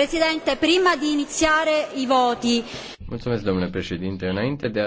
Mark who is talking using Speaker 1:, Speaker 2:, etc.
Speaker 1: Presidente, prima di iniziare i voti.
Speaker 2: Mulțumesc, domnule președinte. Înainte de a